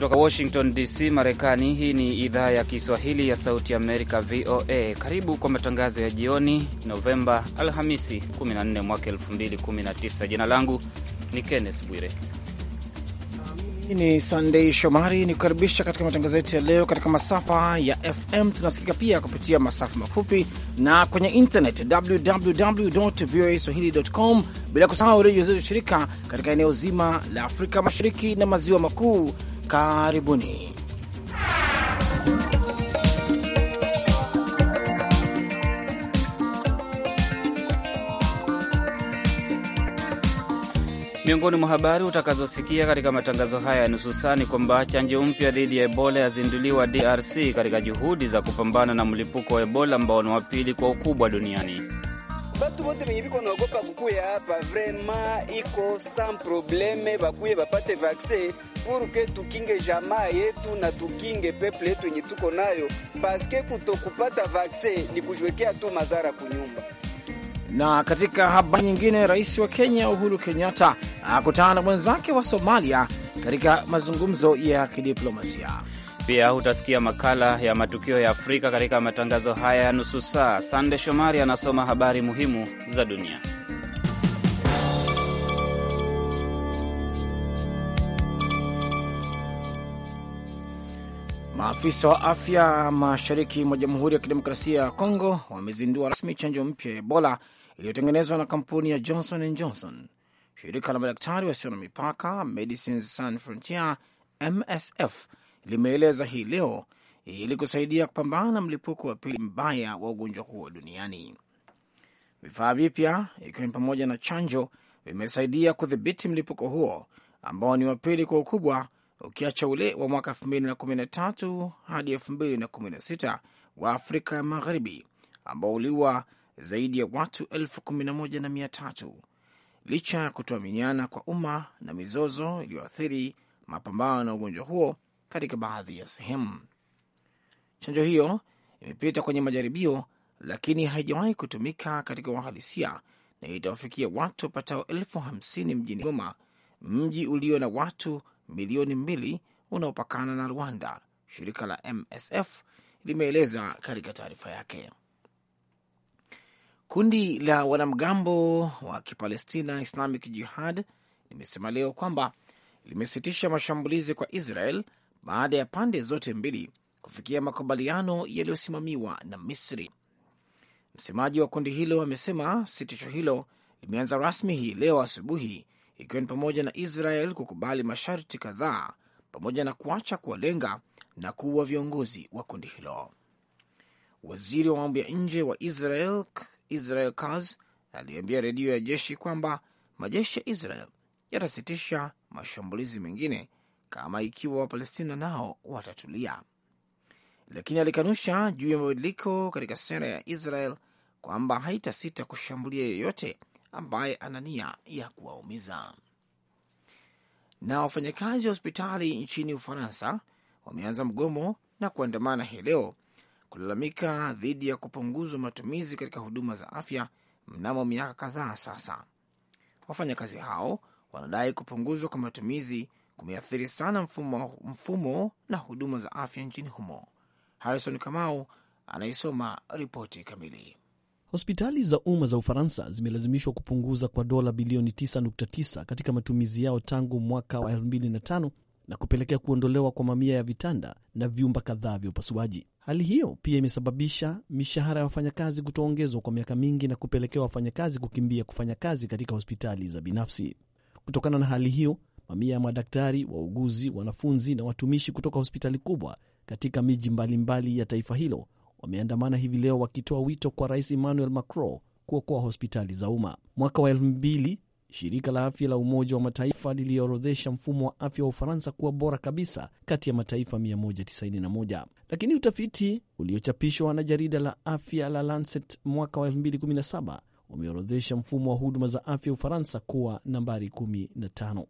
Kutoka Washington DC, Marekani. Hii ni idhaa ya Kiswahili ya Sauti Amerika, VOA. Karibu kwa matangazo ya jioni, Novemba Alhamisi 14 mwaka 2019. Jina langu ni Kenneth Bwire. hii ni Sandei Shomari, ni kukaribisha katika matangazo yetu ya leo. Katika masafa ya FM tunasikika pia kupitia masafa mafupi na kwenye internet www voa swahili.com, bila kusahau redio zetu shirika katika eneo zima la Afrika Mashariki na Maziwa Makuu. Karibuni. Miongoni mwa habari utakazosikia katika matangazo haya ya nusu saa ni kwamba chanjo mpya dhidi ya Ebola yazinduliwa DRC katika juhudi za kupambana na mlipuko wa Ebola ambao ni wa pili kwa ukubwa duniani batu bote benye biko naogopa kukuya hapa vrema iko sans probleme, bakuye bapate vaksin puruke tukinge jamaa yetu na tukinge peple yetu yenye tuko nayo, paske kutokupata vaksin ni kujwekea tu mazara kunyumba. Na katika habari nyingine, rais wa Kenya Uhuru Kenyatta akutana na mwenzake wa Somalia katika mazungumzo ya kidiplomasia. Pia hutasikia makala ya matukio ya Afrika katika matangazo haya ya nusu saa. Sande Shomari anasoma habari muhimu za dunia. Maafisa wa afya mashariki mwa Jamhuri ya Kidemokrasia ya Kongo wamezindua rasmi chanjo mpya ya Ebola iliyotengenezwa na kampuni ya Johnson and Johnson. Shirika la madaktari wasio na mipaka Medicines Sans Frontier MSF limeeleza hii leo ili kusaidia kupambana na mlipuko wa pili mbaya wa ugonjwa huo duniani. Vifaa vipya ikiwa ni pamoja na chanjo vimesaidia kudhibiti mlipuko huo ambao ni wa pili kwa ukubwa ukiacha ule wa mwaka 2013 hadi 2016 wa Afrika ya Magharibi ambao uliwa zaidi ya watu 11,300 licha ya kutoaminiana kwa umma na mizozo iliyoathiri mapambano na ugonjwa huo katika baadhi ya sehemu. Chanjo hiyo imepita kwenye majaribio, lakini haijawahi kutumika katika uhalisia na itawafikia watu wapatao elfu hamsini mjini Goma, mji ulio na watu milioni mbili unaopakana na Rwanda, shirika la MSF limeeleza katika taarifa yake. Kundi la wanamgambo wa Kipalestina Islamic Jihad limesema leo kwamba limesitisha mashambulizi kwa Israel baada ya pande zote mbili kufikia makubaliano yaliyosimamiwa na Misri. Msemaji wa kundi hilo amesema sitisho hilo limeanza rasmi hii leo asubuhi, ikiwa ni pamoja na Israel kukubali masharti kadhaa pamoja na kuacha kuwalenga na kuua viongozi wa kundi hilo. Waziri wa mambo ya nje wa Israel, Israel Katz aliambia redio ya jeshi kwamba majeshi ya Israel yatasitisha mashambulizi mengine kama ikiwa Wapalestina nao watatulia, lakini alikanusha juu ya mabadiliko katika sera ya Israel kwamba haitasita kushambulia yeyote ambaye ana nia ya kuwaumiza. Na wafanyakazi wa hospitali nchini Ufaransa wameanza mgomo na kuandamana hii leo kulalamika dhidi ya kupunguzwa matumizi katika huduma za afya mnamo miaka kadhaa sasa. Wafanyakazi hao wanadai kupunguzwa kwa matumizi kumeathiri sana mfumo, mfumo na huduma za afya nchini humo. Harrison Kamau anaisoma ripoti kamili. Hospitali za umma za Ufaransa zimelazimishwa kupunguza kwa dola bilioni 9.9 katika matumizi yao tangu mwaka wa 2005 na kupelekea kuondolewa kwa mamia ya vitanda na vyumba kadhaa vya upasuaji. Hali hiyo pia imesababisha mishahara ya wafanyakazi kutoongezwa kwa miaka mingi na kupelekea wafanyakazi kukimbia kufanya kazi katika hospitali za binafsi. Kutokana na hali hiyo, Mamia ya madaktari, wauguzi, wanafunzi na watumishi kutoka hospitali kubwa katika miji mbalimbali ya taifa hilo wameandamana hivi leo wakitoa wito kwa Rais Emmanuel Macron kuokoa hospitali za umma. Mwaka wa elfu mbili shirika la afya la Umoja wa Mataifa liliorodhesha mfumo wa afya wa Ufaransa kuwa bora kabisa kati ya mataifa 191 lakini utafiti uliochapishwa na jarida la afya la Lancet mwaka wa 2017 umeorodhesha mfumo wa huduma za afya Ufaransa kuwa nambari 15.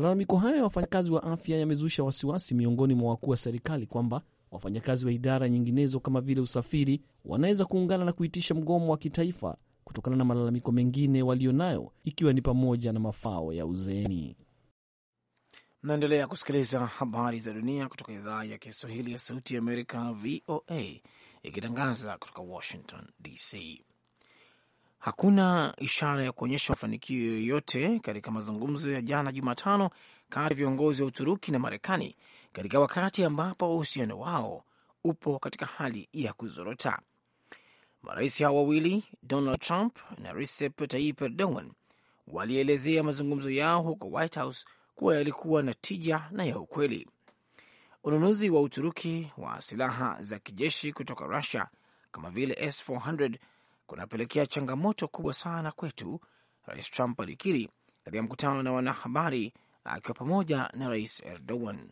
Malalamiko hayo ya wafanyakazi wa afya yamezusha wasiwasi miongoni mwa wakuu wa serikali kwamba wafanyakazi wa idara nyinginezo kama vile usafiri wanaweza kuungana na kuitisha mgomo wa kitaifa kutokana na malalamiko mengine walionayo ikiwa ni pamoja na mafao ya uzeeni. Mnaendelea kusikiliza habari za dunia kutoka idhaa ya Kiswahili ya Sauti ya Amerika, VOA, ikitangaza kutoka Washington DC. Hakuna ishara ya kuonyesha mafanikio yoyote katika mazungumzo ya jana Jumatano kati ya viongozi wa Uturuki na Marekani katika wakati ambapo uhusiano wao upo katika hali ya kuzorota. Marais hao wawili Donald Trump na Recep Tayyip Erdogan walielezea mazungumzo yao huko White House kuwa yalikuwa na tija na ya ukweli. Ununuzi wa Uturuki wa silaha za kijeshi kutoka Rusia kama vile S400 kunapelekea changamoto kubwa sana kwetu, Rais Trump alikiri katika mkutano na wanahabari akiwa pamoja na Rais Erdogan.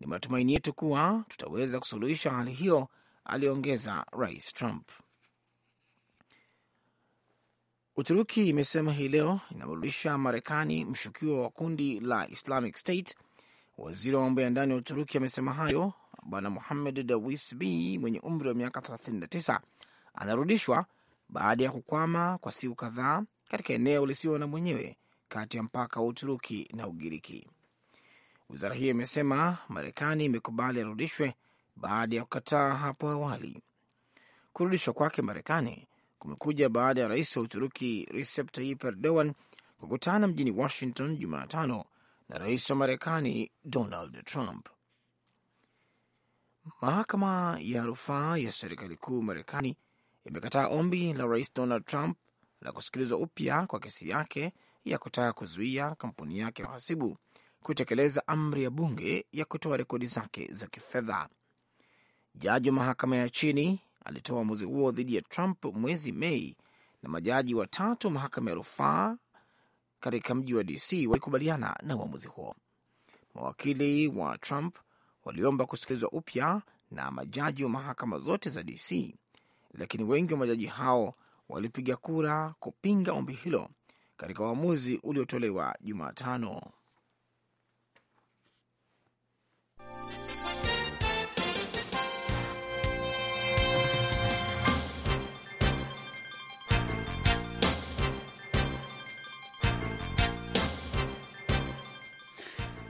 Ni matumaini yetu kuwa tutaweza kusuluhisha hali hiyo, aliongeza Rais Trump. Uturuki imesema hii leo inamrudisha Marekani mshukiwa wa kundi la Islamic State. Waziri wa mambo ya ndani wa Uturuki amesema hayo. Bwana Muhamed Dawis b mwenye umri wa miaka 39 anarudishwa baada ya kukwama kwa siku kadhaa katika eneo lisio na mwenyewe kati ya mpaka wa Uturuki na Ugiriki. Wizara hiyo imesema Marekani imekubali arudishwe baada ya kukataa hapo awali. Kurudishwa kwake Marekani kumekuja baada ya rais wa Uturuki Recep Tayyip Erdogan kukutana mjini Washington Jumatano na rais wa Marekani Donald Trump. Mahakama ya rufaa ya serikali kuu Marekani imekataa ombi la Rais Donald Trump la kusikilizwa upya kwa kesi yake ya kutaka kuzuia kampuni yake ya uhasibu kutekeleza amri ya bunge ya kutoa rekodi zake za kifedha. Jaji wa mahakama ya chini alitoa uamuzi huo dhidi ya Trump mwezi Mei, na majaji watatu mahakama ya rufaa katika mji wa DC walikubaliana na uamuzi huo. Mawakili wa Trump waliomba kusikilizwa upya na majaji wa mahakama zote za DC lakini wengi wa majaji hao walipiga kura kupinga ombi hilo katika uamuzi uliotolewa Jumatano.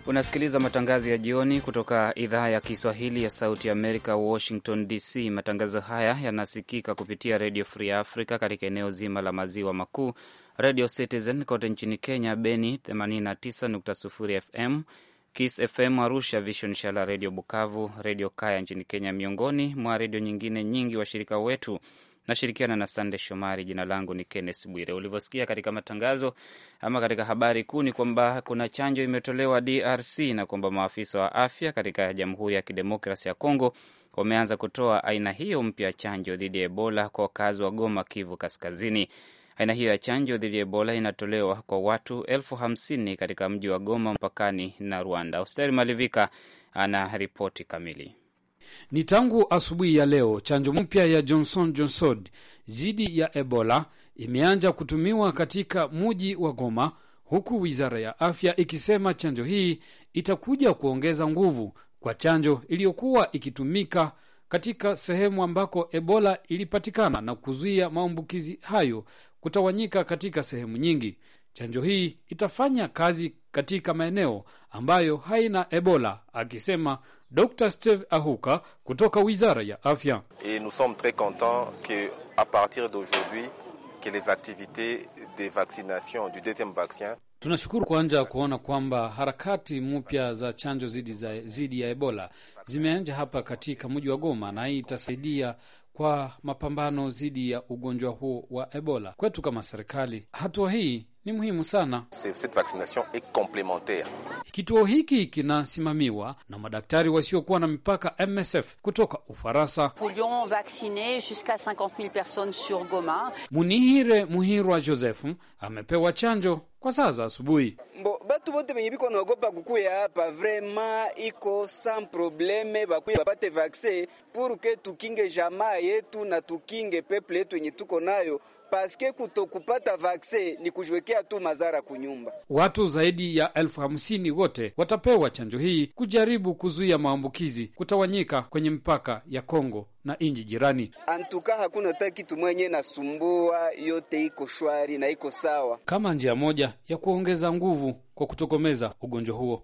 Unasikiliza matangazo ya jioni kutoka idhaa ya Kiswahili ya Sauti ya Amerika, Washington DC. Matangazo haya yanasikika kupitia Redio Free Africa katika eneo zima la maziwa makuu, Radio Citizen kote nchini Kenya, Beni 89.0 FM, Kiss FM Arusha, Vision Shala, Redio Bukavu, Redio Kaya nchini Kenya, miongoni mwa redio nyingine nyingi washirika wetu. Nashirikiana na Sande Shomari. Jina langu ni kennes Bwire. Ulivyosikia katika matangazo ama katika habari kuu ni kwamba kuna chanjo imetolewa DRC na kwamba maafisa wa afya katika Jamhuri ya Kidemokrasi ya Kongo wameanza kutoa aina hiyo mpya ya chanjo dhidi ya Ebola kwa wakazi wa Goma, Kivu Kaskazini. Aina hiyo ya chanjo dhidi ya Ebola inatolewa kwa watu elfu hamsini katika mji wa Goma, mpakani na Rwanda. Hosteri Malivika ana ripoti kamili. Ni tangu asubuhi ya leo chanjo mpya ya Johnson Johnson dhidi ya Ebola imeanza kutumiwa katika muji wa Goma, huku wizara ya afya ikisema chanjo hii itakuja kuongeza nguvu kwa chanjo iliyokuwa ikitumika katika sehemu ambako Ebola ilipatikana na kuzuia maambukizi hayo kutawanyika katika sehemu nyingi. Chanjo hii itafanya kazi katika maeneo ambayo haina Ebola, akisema Dr Steve Ahuka kutoka Wizara ya Afya. Et nous sommes très contents que à partir d'aujourd'hui que les activités de vaccination du deuxième vaccin Tunashukuru kuanja kuona kwamba harakati mpya za chanjo zidi, za, zidi ya Ebola zimeanja hapa katika mji wa Goma, na hii itasaidia kwa mapambano dhidi ya ugonjwa huo wa Ebola kwetu kama serikali. Hatua hii ni muhimu sana. Kituo hiki kinasimamiwa na madaktari wasiokuwa na mipaka MSF kutoka Ufaransa. Munihire Muhirwa Josefu amepewa chanjo kwa saa za asubuhi. Batu bote venye biko naogopa kukuya hapa vrema iko sans probleme, bakuya bapate vaksin purke tukinge jamaa yetu na tukinge peple yetu yenye tuko nayo paske kutokupata vaksin ni kujiwekea tu madhara kunyumba. Watu zaidi ya elfu hamsini wote watapewa chanjo hii kujaribu kuzuia maambukizi kutawanyika kwenye mpaka ya Kongo na inji jirani. Antuka hakuna ta kitu mwenye nasumbua, yote iko shwari na iko sawa, kama njia moja ya kuongeza nguvu kwa kutokomeza ugonjwa huo.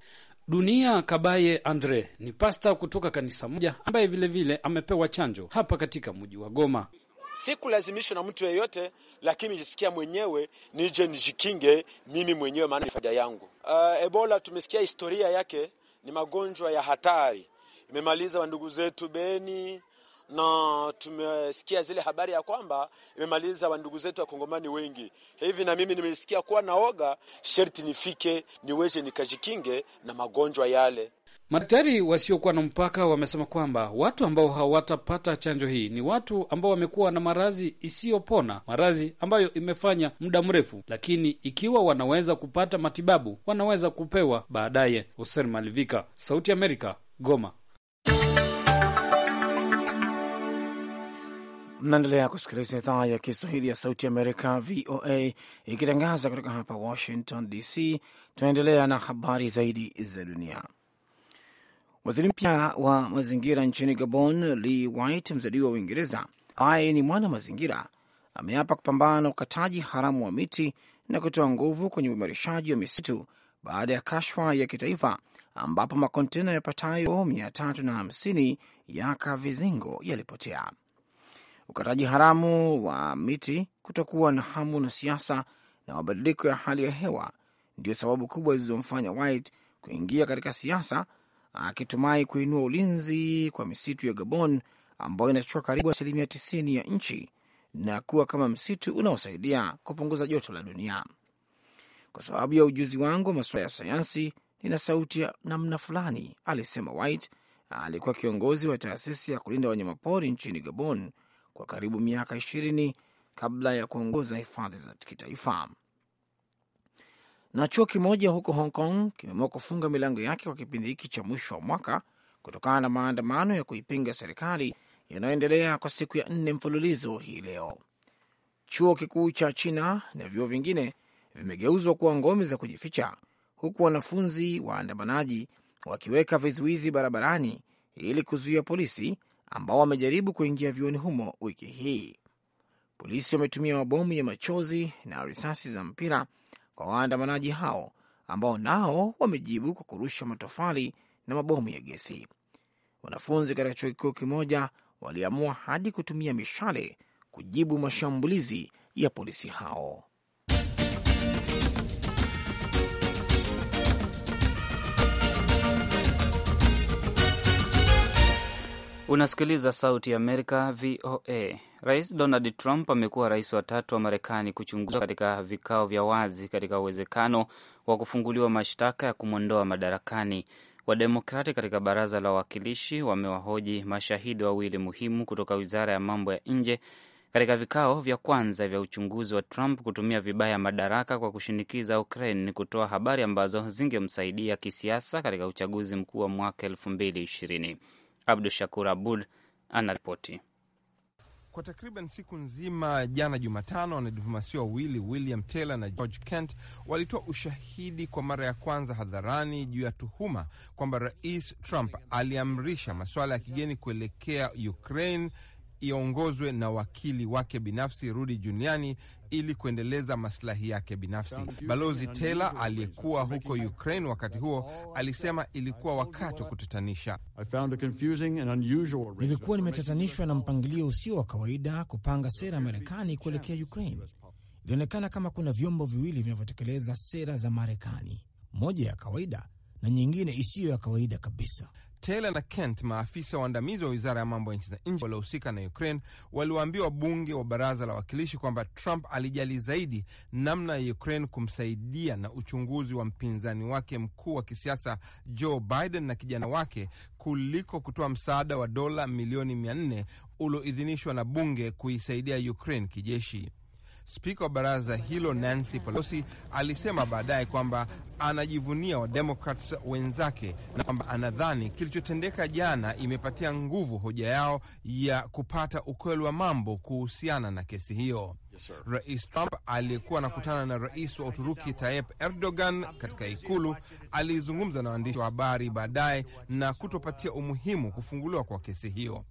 Dunia Kabaye Andre ni pasta kutoka kanisa moja ambaye vilevile vile amepewa chanjo hapa katika mji wa Goma. Sikulazimishwa na mtu yeyote, lakini jisikia mwenyewe nije nijikinge mimi mwenyewe, maana ni faida yangu. Uh, Ebola tumesikia historia yake, ni magonjwa ya hatari, imemaliza wandugu zetu Beni na tumesikia zile habari ya kwamba imemaliza wandugu zetu wa Kongomani wengi hivi, na mimi nimesikia kuwa naoga, sherti nifike niweze nikajikinge na magonjwa yale. Madaktari wasiokuwa na mpaka wamesema kwamba watu ambao hawatapata chanjo hii ni watu ambao wamekuwa na maradhi isiyopona, maradhi ambayo imefanya muda mrefu, lakini ikiwa wanaweza kupata matibabu wanaweza kupewa baadaye. Hosen Malivika, Sauti ya Amerika, Goma. Mnaendelea kusikiliza idhaa ya Kiswahili ya Sauti Amerika, VOA, ikitangaza kutoka hapa Washington DC. Tunaendelea na habari zaidi za dunia. Waziri mpya wa mazingira nchini Gabon, Lee White, mzaliwa wa Uingereza ambaye ni mwana mazingira, ameapa kupambana na ukataji haramu wa miti na kutoa nguvu kwenye uimarishaji wa misitu baada ya kashfa ya kitaifa ambapo makontena yapatayo mia tatu na hamsini ya kavizingo yalipotea. Ukataji haramu wa miti, kutokuwa na hamu na siasa na mabadiliko ya hali ya hewa ndiyo sababu kubwa zilizomfanya White kuingia katika siasa akitumai kuinua ulinzi kwa misitu ya Gabon ambayo inachukua karibu asilimia 90 ya nchi na kuwa kama msitu unaosaidia kupunguza joto la dunia. Kwa sababu ya ujuzi wangu wa masuala ya sayansi, nina sauti ya namna fulani, alisema White. Alikuwa kiongozi wa taasisi ya kulinda wanyamapori nchini Gabon kwa karibu miaka ishirini kabla ya kuongoza hifadhi za kitaifa. Na chuo kimoja huko Hong Kong kimeamua kufunga milango yake kwa kipindi hiki cha mwisho wa mwaka kutokana na maandamano ya kuipinga serikali yanayoendelea kwa siku ya nne mfululizo hii leo. Chuo kikuu cha China na vyuo vingine vimegeuzwa kuwa ngome za kujificha, huku wanafunzi waandamanaji wakiweka vizuizi barabarani ili kuzuia polisi ambao wamejaribu kuingia vyuoni humo wiki hii. Polisi wametumia mabomu ya machozi na risasi za mpira kwa waandamanaji hao ambao nao wamejibu kwa kurusha matofali na mabomu ya gesi. Wanafunzi katika chuo kikuu kimoja waliamua hadi kutumia mishale kujibu mashambulizi ya polisi hao. Unasikiliza Sauti ya Amerika, VOA. Rais Donald Trump amekuwa rais wa tatu wa Marekani kuchunguzwa katika vikao vya wazi katika uwezekano wa kufunguliwa mashtaka ya kumwondoa madarakani. Wademokrati katika baraza la wawakilishi wamewahoji mashahidi wawili muhimu kutoka wizara ya mambo ya nje katika vikao vya kwanza vya uchunguzi wa Trump kutumia vibaya madaraka kwa kushinikiza Ukraine kutoa habari ambazo zingemsaidia kisiasa katika uchaguzi mkuu wa mwaka elfu mbili ishirini. Abdu Shakur Abud anaripoti. Kwa takriban siku nzima jana Jumatano, wanadiplomasia wawili William Taylor na George Kent walitoa ushahidi kwa mara ya kwanza hadharani juu ya tuhuma kwamba Rais Trump aliamrisha masuala ya kigeni kuelekea Ukraine iongozwe na wakili wake binafsi Rudy Giuliani ili kuendeleza maslahi yake binafsi. Balozi Taylor aliyekuwa huko Ukraine wakati huo alisema ilikuwa wakati wa kutatanisha. Nilikuwa nimetatanishwa na mpangilio usio wa kawaida kupanga sera ya Marekani kuelekea Ukraine. Ilionekana kama kuna vyombo viwili vinavyotekeleza sera za Marekani, moja ya kawaida na nyingine isiyo ya kawaida kabisa. Taylor na Kent, maafisa waandamizi wa wizara ya mambo ya nchi za nje waliohusika na Ukraine, waliwaambia wabunge wa baraza la wawakilishi kwamba Trump alijali zaidi namna ya Ukraine kumsaidia na uchunguzi wa mpinzani wake mkuu wa kisiasa Joe Biden na kijana wake kuliko kutoa msaada wa dola milioni mia nne ulioidhinishwa na bunge kuisaidia Ukraine kijeshi. Spika wa baraza hilo Nancy Pelosi alisema baadaye kwamba anajivunia Wademokrats wenzake na kwamba anadhani kilichotendeka jana imepatia nguvu hoja yao ya kupata ukweli wa mambo kuhusiana na kesi hiyo. Yes, Rais Trump aliyekuwa anakutana na rais wa Uturuki Tayyip Erdogan katika ikulu alizungumza na waandishi wa habari baadaye na kutopatia umuhimu kufunguliwa kwa kesi hiyo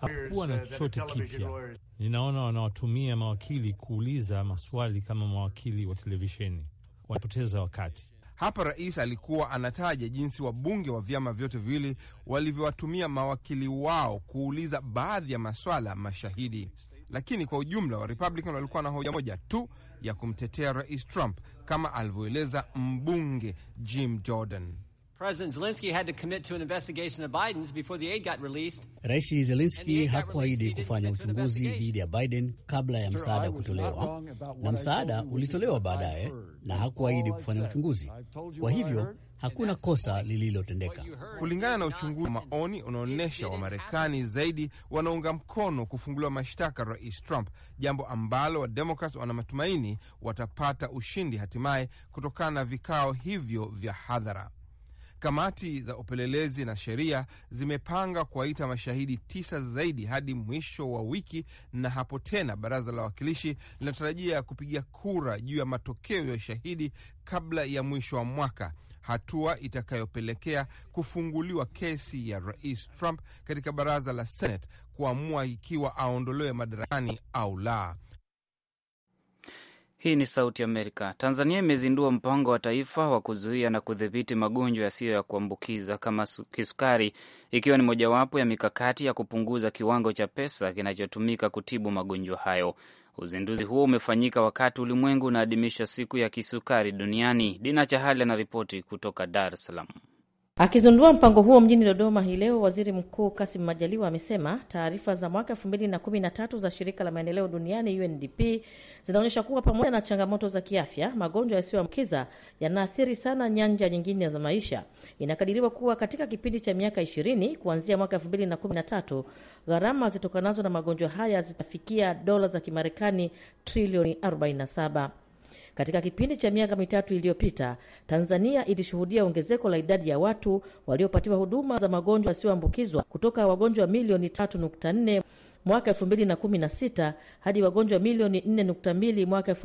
hakuwa na chochote kipya. Ninaona wanawatumia mawakili kuuliza maswali kama mawakili wa televisheni, wanapoteza wakati. Hapa rais alikuwa anataja jinsi wabunge wa vyama vyote viwili walivyowatumia mawakili wao kuuliza baadhi ya maswala mashahidi, lakini kwa ujumla wa Republican walikuwa na hoja moja tu ya kumtetea rais Trump, kama alivyoeleza mbunge Jim Jordan. Rais Zelenski hakuahidi kufanya uchunguzi dhidi ya Biden kabla ya msaada kutolewa, na msaada ulitolewa baadaye, na hakuahidi kufanya uchunguzi. Kwa hivyo hakuna kosa lililotendeka kulingana na uchunguzi wa maoni unaonyesha Wamarekani zaidi wanaunga mkono kufunguliwa mashtaka Rais Trump, jambo ambalo Wademokrat wana matumaini watapata ushindi hatimaye kutokana na vikao hivyo vya hadhara. Kamati za upelelezi na sheria zimepanga kuwaita mashahidi tisa zaidi hadi mwisho wa wiki, na hapo tena baraza la wawakilishi linatarajia kupiga kura juu ya matokeo ya ushahidi kabla ya mwisho wa mwaka, hatua itakayopelekea kufunguliwa kesi ya rais Trump katika baraza la Senate kuamua ikiwa aondolewe madarakani au la. Hii ni Sauti Amerika. Tanzania imezindua mpango wa taifa wa kuzuia na kudhibiti magonjwa yasiyo ya kuambukiza kama kisukari, ikiwa ni mojawapo ya mikakati ya kupunguza kiwango cha pesa kinachotumika kutibu magonjwa hayo. Uzinduzi huo umefanyika wakati ulimwengu unaadhimisha siku ya kisukari duniani. Dina Chahali anaripoti kutoka Dar es Salaam. Akizindua mpango huo mjini Dodoma hii leo, waziri mkuu Kasim Majaliwa amesema taarifa za mwaka 2013 za shirika la maendeleo duniani UNDP zinaonyesha kuwa pamoja na changamoto za kiafya, magonjwa yasiyoambukiza yanaathiri sana nyanja nyingine za maisha. Inakadiriwa kuwa katika kipindi cha miaka 20 kuanzia mwaka 2013 gharama zitokanazo na magonjwa haya zitafikia dola za Kimarekani trilioni 47. Katika kipindi cha miaka mitatu iliyopita, Tanzania ilishuhudia ongezeko la idadi ya watu waliopatiwa huduma za magonjwa yasiyoambukizwa kutoka wagonjwa milioni 3.4 mwaka sita hadi wagonjwa milioni mbili mwaka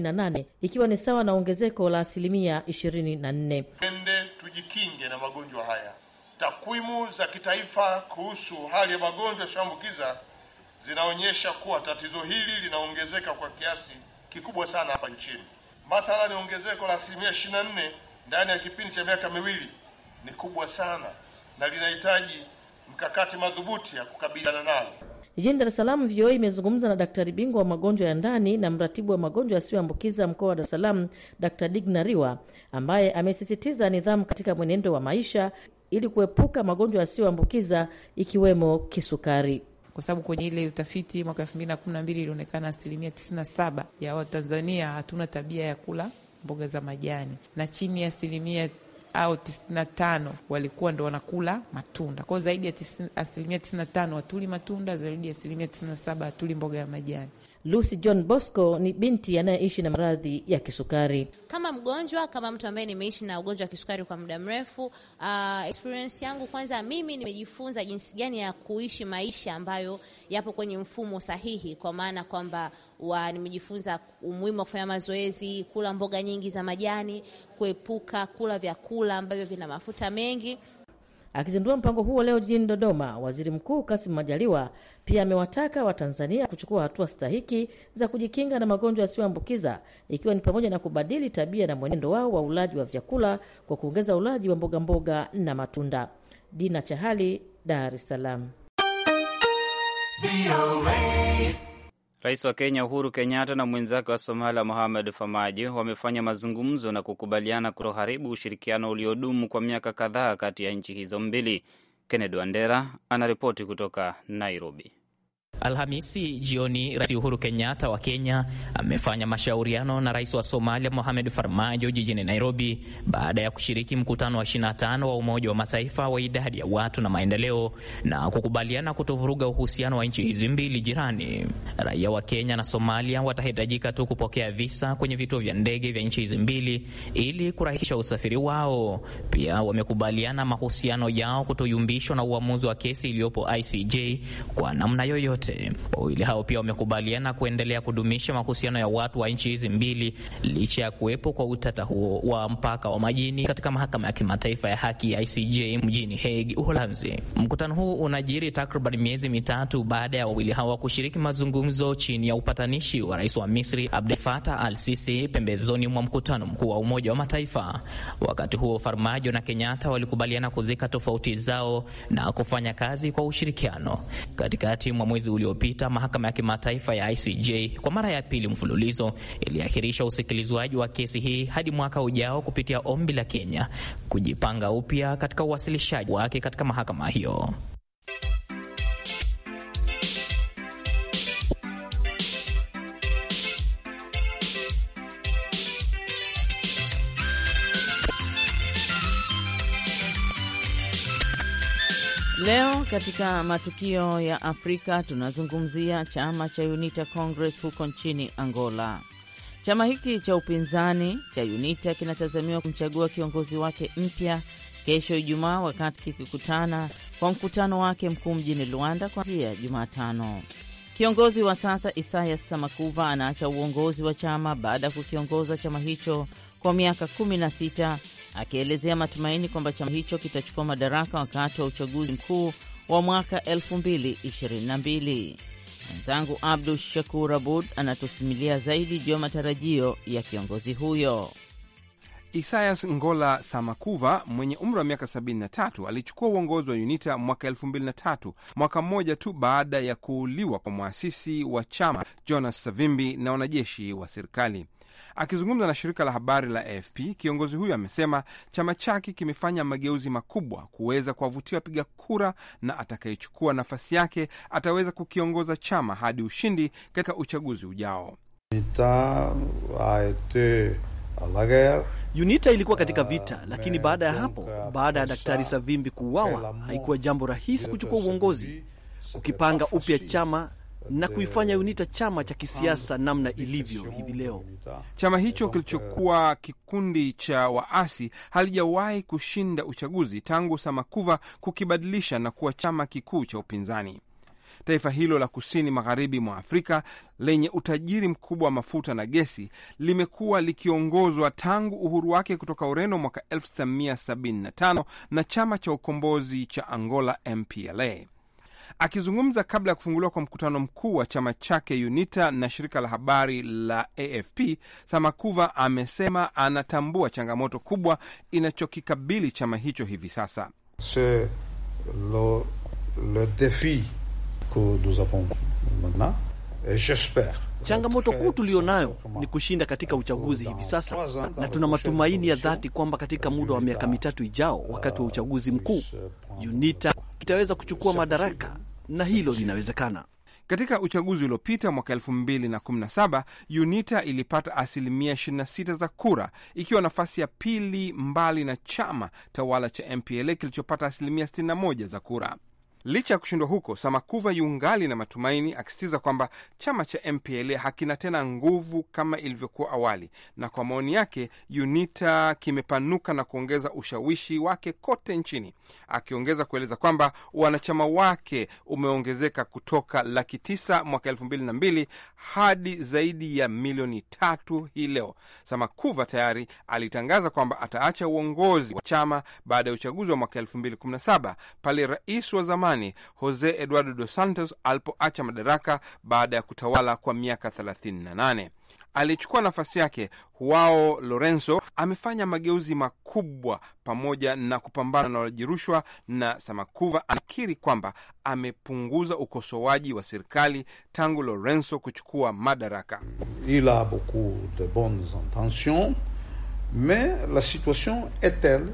nane ikiwa ni sawa na ongezeko la asilimia 24. Twende tujikinge na magonjwa haya. Takwimu za kitaifa kuhusu hali ya magonjwa yasiyoambukiza zinaonyesha kuwa tatizo hili linaongezeka kwa kiasi kikubwa sana hapa nchini. Mathalani, ongezeko la asilimia ishirini na nne ndani ya kipindi cha miaka miwili ni kubwa sana na linahitaji mkakati madhubuti ya kukabiliana nalo. Jijini Dar es Salaam, VOA imezungumza na daktari bingwa wa magonjwa ya ndani na mratibu wa magonjwa yasiyoambukiza mkoa wa Dar es Salaam, Dr Digna Riwa, ambaye amesisitiza nidhamu katika mwenendo wa maisha ili kuepuka magonjwa yasiyoambukiza ikiwemo kisukari kwa sababu kwenye ile utafiti mwaka elfu mbili na kumi na mbili ilionekana asilimia tisini na saba ya Watanzania hatuna tabia ya kula mboga za majani na chini ya asilimia au tisini na tano walikuwa ndo wanakula matunda kwao. Zaidi ya asilimia tisini na tano hatuli matunda, zaidi ya asilimia tisini na saba hatuli mboga ya majani. Lucy John Bosco ni binti anayeishi na maradhi ya kisukari. Kama mgonjwa, kama mtu ambaye nimeishi na ugonjwa wa kisukari kwa muda mrefu, uh, experience yangu kwanza, mimi nimejifunza jinsi gani ya kuishi maisha ambayo yapo kwenye mfumo sahihi, kwa maana kwamba nimejifunza umuhimu wa kufanya mazoezi, kula mboga nyingi za majani, kuepuka kula vyakula ambavyo vina mafuta mengi Akizindua mpango huo leo jijini Dodoma, waziri mkuu Kasim Majaliwa pia amewataka Watanzania kuchukua hatua stahiki za kujikinga na magonjwa yasiyoambukiza ikiwa ni pamoja na kubadili tabia na mwenendo wao wa ulaji wa vyakula kwa kuongeza ulaji wa mbogamboga mboga na matunda. Dina Chahali, Dar es Salaam. Rais wa Kenya Uhuru Kenyatta na mwenzake wa Somalia Mohamed famaji wamefanya mazungumzo na kukubaliana kutoharibu ushirikiano uliodumu kwa miaka kadhaa kati ya nchi hizo mbili. Kennedy Wandera anaripoti kutoka Nairobi. Alhamisi jioni Rais Uhuru Kenyatta wa Kenya amefanya mashauriano na rais wa Somalia Mohamed Farmajo jijini Nairobi baada ya kushiriki mkutano wa 25 wa Umoja wa Mataifa wa idadi ya watu na maendeleo na kukubaliana kutovuruga uhusiano wa nchi hizi mbili jirani. Raia wa Kenya na Somalia watahitajika tu kupokea visa kwenye vituo vya ndege vya nchi hizi mbili ili kurahisisha usafiri wao. Pia wamekubaliana mahusiano yao kutoyumbishwa na uamuzi wa kesi iliyopo ICJ kwa namna yoyote yote. Wawili hao pia wamekubaliana kuendelea kudumisha mahusiano ya watu wa nchi hizi mbili licha ya kuwepo kwa utata huo wa mpaka wa majini katika mahakama ya kimataifa ya haki ya ICJ mjini Hague, Uholanzi. Mkutano huu unajiri takriban miezi mitatu baada ya wawili hao kushiriki mazungumzo chini ya upatanishi wa rais wa Misri Abdel Fattah al-Sisi pembezoni mwa mkutano mkuu wa Umoja wa Mataifa. Wakati huo Farmajo na Kenyatta walikubaliana kuzika tofauti zao na kufanya kazi kwa ushirikiano. Katikati mwa mwezi uliopita mahakama ya kimataifa ya ICJ kwa mara ya pili mfululizo iliahirisha usikilizwaji wa kesi hii hadi mwaka ujao kupitia ombi la Kenya kujipanga upya katika uwasilishaji wake katika mahakama hiyo. katika matukio ya Afrika tunazungumzia chama cha UNITA Congress huko nchini Angola. Chama hiki cha upinzani cha UNITA kinatazamiwa kumchagua kiongozi wake mpya kesho Ijumaa, wakati kikikutana kwa mkutano wake mkuu mjini Luanda kuanzia Jumatano. Kiongozi wa sasa Isayas Samakuva anaacha uongozi wa chama baada ya kukiongoza chama hicho kwa miaka 16 akielezea matumaini kwamba chama hicho kitachukua madaraka wakati wa uchaguzi mkuu wa mwaka 2022. Mwenzangu Abdu Shakur Abud anatusimulia zaidi juu ya matarajio ya kiongozi huyo. Isayas Ngola Samakuva mwenye umri wa miaka 73 alichukua uongozi wa UNITA mwaka 2003, mwaka mmoja tu baada ya kuuliwa kwa mwasisi wa chama Jonas Savimbi na wanajeshi wa serikali. Akizungumza na shirika la habari la AFP, kiongozi huyo amesema chama chake kimefanya mageuzi makubwa kuweza kuwavutia wapiga kura, na atakayechukua nafasi yake ataweza kukiongoza chama hadi ushindi katika uchaguzi ujao. UNITA ilikuwa katika vita, ah, lakini baada ya hapo, baada ya Daktari Savimbi kuuawa, haikuwa jambo rahisi kuchukua uongozi, kukipanga upya chama na kuifanya UNITA chama cha kisiasa namna ilivyo hivi leo. Chama hicho kilichokuwa kikundi cha waasi halijawahi kushinda uchaguzi tangu Samakuva kukibadilisha na kuwa chama kikuu cha upinzani. Taifa hilo la kusini magharibi mwa Afrika lenye utajiri mkubwa wa mafuta na gesi limekuwa likiongozwa tangu uhuru wake kutoka Ureno mwaka 1975 na chama cha ukombozi cha Angola, MPLA. Akizungumza kabla ya kufunguliwa kwa mkutano mkuu wa chama chake UNITA na shirika la habari la AFP, Samakuva amesema anatambua changamoto kubwa inachokikabili chama hicho hivi sasa. Se lo, le defi que nous avons maintenant, et Changamoto kuu nayo ni kushinda katika uchaguzi hivi sasa, na tuna matumaini ya dhati kwamba katika muda wa miaka mitatu ijao, wakati wa uchaguzi mkuu, UNITA kitaweza kuchukua madaraka na hilo linawezekana. Katika uchaguzi uliopita mwaka 2017 UNITA ilipata asilimia 26 za kura, ikiwa nafasi ya pili mbali na chama tawala cha MPLA kilichopata asilimia 61 za kura. Licha ya kushindwa huko, Samakuva yungali na matumaini, akisitiza kwamba chama cha MPLA hakina tena nguvu kama ilivyokuwa awali, na kwa maoni yake UNITA kimepanuka na kuongeza ushawishi wake kote nchini, akiongeza kueleza kwamba wanachama wake umeongezeka kutoka laki tisa mwaka elfu mbili na mbili hadi zaidi ya milioni tatu hii leo. Samakuva tayari alitangaza kwamba ataacha uongozi wa chama baada ya uchaguzi wa mwaka elfu mbili kumi na saba pale rais wa zamani zamani Jose Eduardo Dos Santos alipoacha madaraka baada ya kutawala kwa miaka 38. Aliyechukua nafasi yake Huao Lorenzo amefanya mageuzi makubwa pamoja na kupambana na ulaji rushwa, na Samakuva anakiri kwamba amepunguza ukosoaji wa serikali tangu Lorenzo kuchukua madaraka. Il a beaucoup de bonnes intentions mais la situation est telle,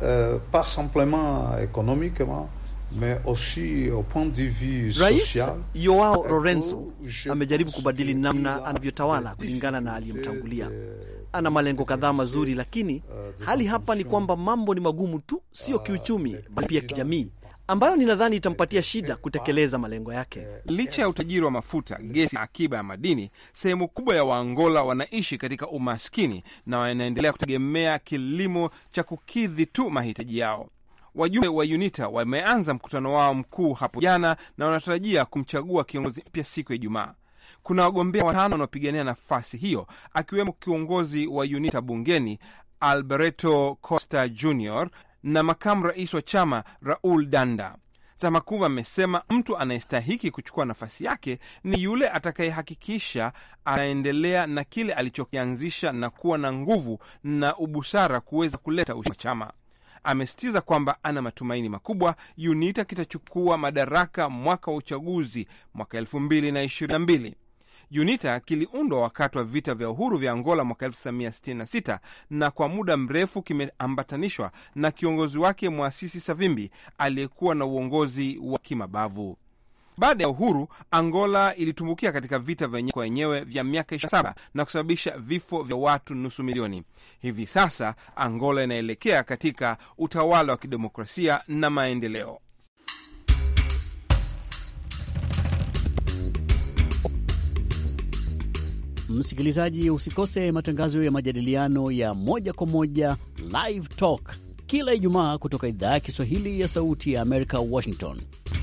uh, pas simplement economiquement Mais aussi, au point de vue social, Rais Joao Lorenzo amejaribu kubadili namna anavyotawala kulingana na aliyemtangulia. Ana malengo kadhaa mazuri, euh, lakini hali hapa ni kwamba mambo ni magumu tu, sio kiuchumi, bali pia kijamii ambayo ninadhani itampatia shida kutekeleza malengo yake. Licha ya utajiri wa mafuta, gesi, akiba ya madini, sehemu kubwa ya Waangola wanaishi katika umaskini na wanaendelea kutegemea kilimo cha kukidhi tu mahitaji yao. Wajumbe wa UNITA wameanza mkutano wao mkuu hapo jana na wanatarajia kumchagua kiongozi mpya siku ya Ijumaa. Kuna wagombea watano wanaopigania nafasi hiyo, akiwemo kiongozi wa UNITA bungeni Alberto Costa Jr na makamu rais wa chama Raul Danda. Samakuva amesema mtu anayestahiki kuchukua nafasi yake ni yule atakayehakikisha anaendelea na kile alichokianzisha na kuwa na nguvu na ubusara kuweza kuleta ushindi wa chama amesitiza kwamba ana matumaini makubwa UNITA kitachukua madaraka mwaka wa uchaguzi mwaka mbili. UNITA kiliundwa wakati wa vita vya uhuru vya Angola mwaka 1966 na kwa muda mrefu kimeambatanishwa na kiongozi wake Mwasisi Savimbi aliyekuwa na uongozi wa kimabavu. Baada ya uhuru, Angola ilitumbukia katika vita vya wenyewe kwa wenyewe vya miaka 27 na kusababisha vifo vya watu nusu milioni. Hivi sasa Angola inaelekea katika utawala wa kidemokrasia na maendeleo. Msikilizaji, usikose matangazo ya majadiliano ya moja kwa moja Live Talk kila Ijumaa kutoka idhaa ya Kiswahili ya Sauti ya Amerika, Washington.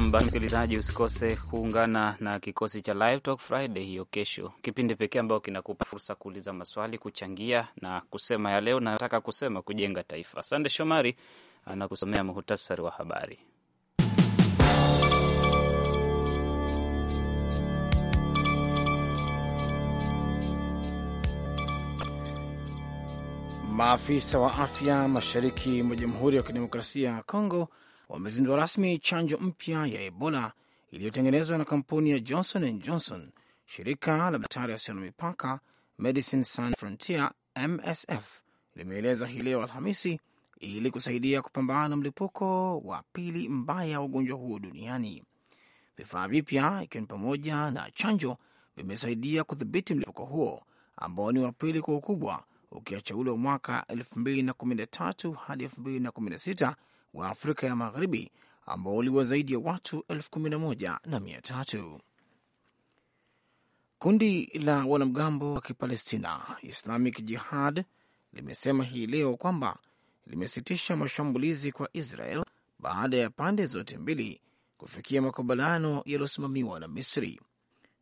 Msikilizaji, usikose kuungana na kikosi cha Live Talk Friday hiyo kesho, kipindi pekee ambayo kinakupa fursa kuuliza maswali, kuchangia na kusema yaleo nataka kusema, kujenga taifa. Sande Shomari anakusomea muhtasari wa habari. Maafisa wa afya mashariki mwa Jamhuri ya Kidemokrasia ya Kongo wamezindua rasmi chanjo mpya ya Ebola iliyotengenezwa na kampuni ya Johnson and Johnson, shirika la madaktari asio na mipaka Medicine Sans Frontier MSF limeeleza hii leo Alhamisi ili kusaidia kupambana na mlipuko wa pili mbaya wa ugonjwa huo duniani. Vifaa vipya ikiwa ni pamoja na chanjo vimesaidia kudhibiti mlipuko huo ambao ni wa pili kwa ukubwa ukiacha ule wa mwaka 2013 hadi 2016 wa Afrika ya Magharibi ambao uliwa zaidi ya watu elfu kumi na moja na mia tatu. Kundi la wanamgambo wa Kipalestina Islamic Jihad limesema hii leo kwamba limesitisha mashambulizi kwa Israel baada ya pande zote mbili kufikia makubaliano yaliyosimamiwa na Misri.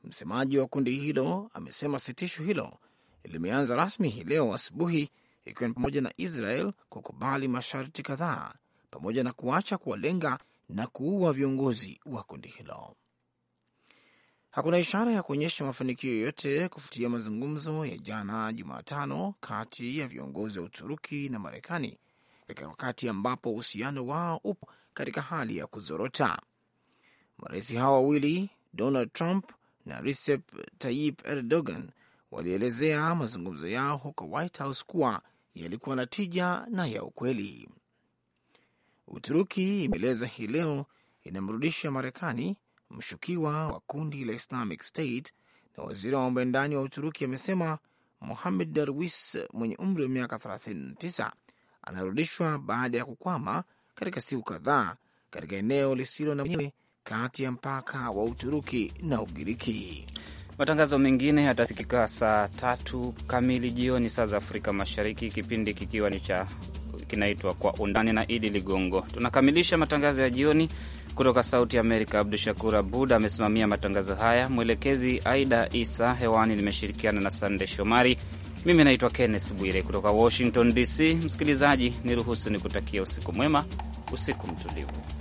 Msemaji wa kundi hilo amesema sitisho hilo limeanza rasmi hii leo asubuhi, ikiwa ni pamoja na Israel kukubali masharti kadhaa pamoja na kuacha kuwalenga na kuua viongozi wa kundi hilo. Hakuna ishara ya kuonyesha mafanikio yoyote kufuatia mazungumzo ya jana Jumatano kati ya viongozi wa Uturuki na Marekani katika wakati ambapo uhusiano wao upo katika hali ya kuzorota. Marais hao wawili Donald Trump na Recep Tayyip Erdogan walielezea mazungumzo yao huko White House kuwa yalikuwa na tija na ya ukweli. Uturuki imeeleza hii leo inamrudisha Marekani mshukiwa wa kundi la Islamic State, na waziri wa mambo ya ndani wa Uturuki amesema Mohamed Darwis mwenye umri wa miaka 39 anarudishwa baada ya kukwama katika siku kadhaa katika eneo lisilo na wenyewe kati ya mpaka wa Uturuki na Ugiriki. Matangazo mengine yatasikika saa tatu kamili jioni saa za Afrika Mashariki, kipindi kikiwa ni cha kinaitwa Kwa Undani na Idi Ligongo. Tunakamilisha matangazo ya jioni kutoka Sauti Amerika. Abdu Shakur Abud amesimamia matangazo haya, mwelekezi Aida Isa. Hewani nimeshirikiana na Sande Shomari. Mimi naitwa Kenneth Bwire kutoka Washington DC. Msikilizaji, niruhusu nikutakia usiku mwema, usiku mtulivu.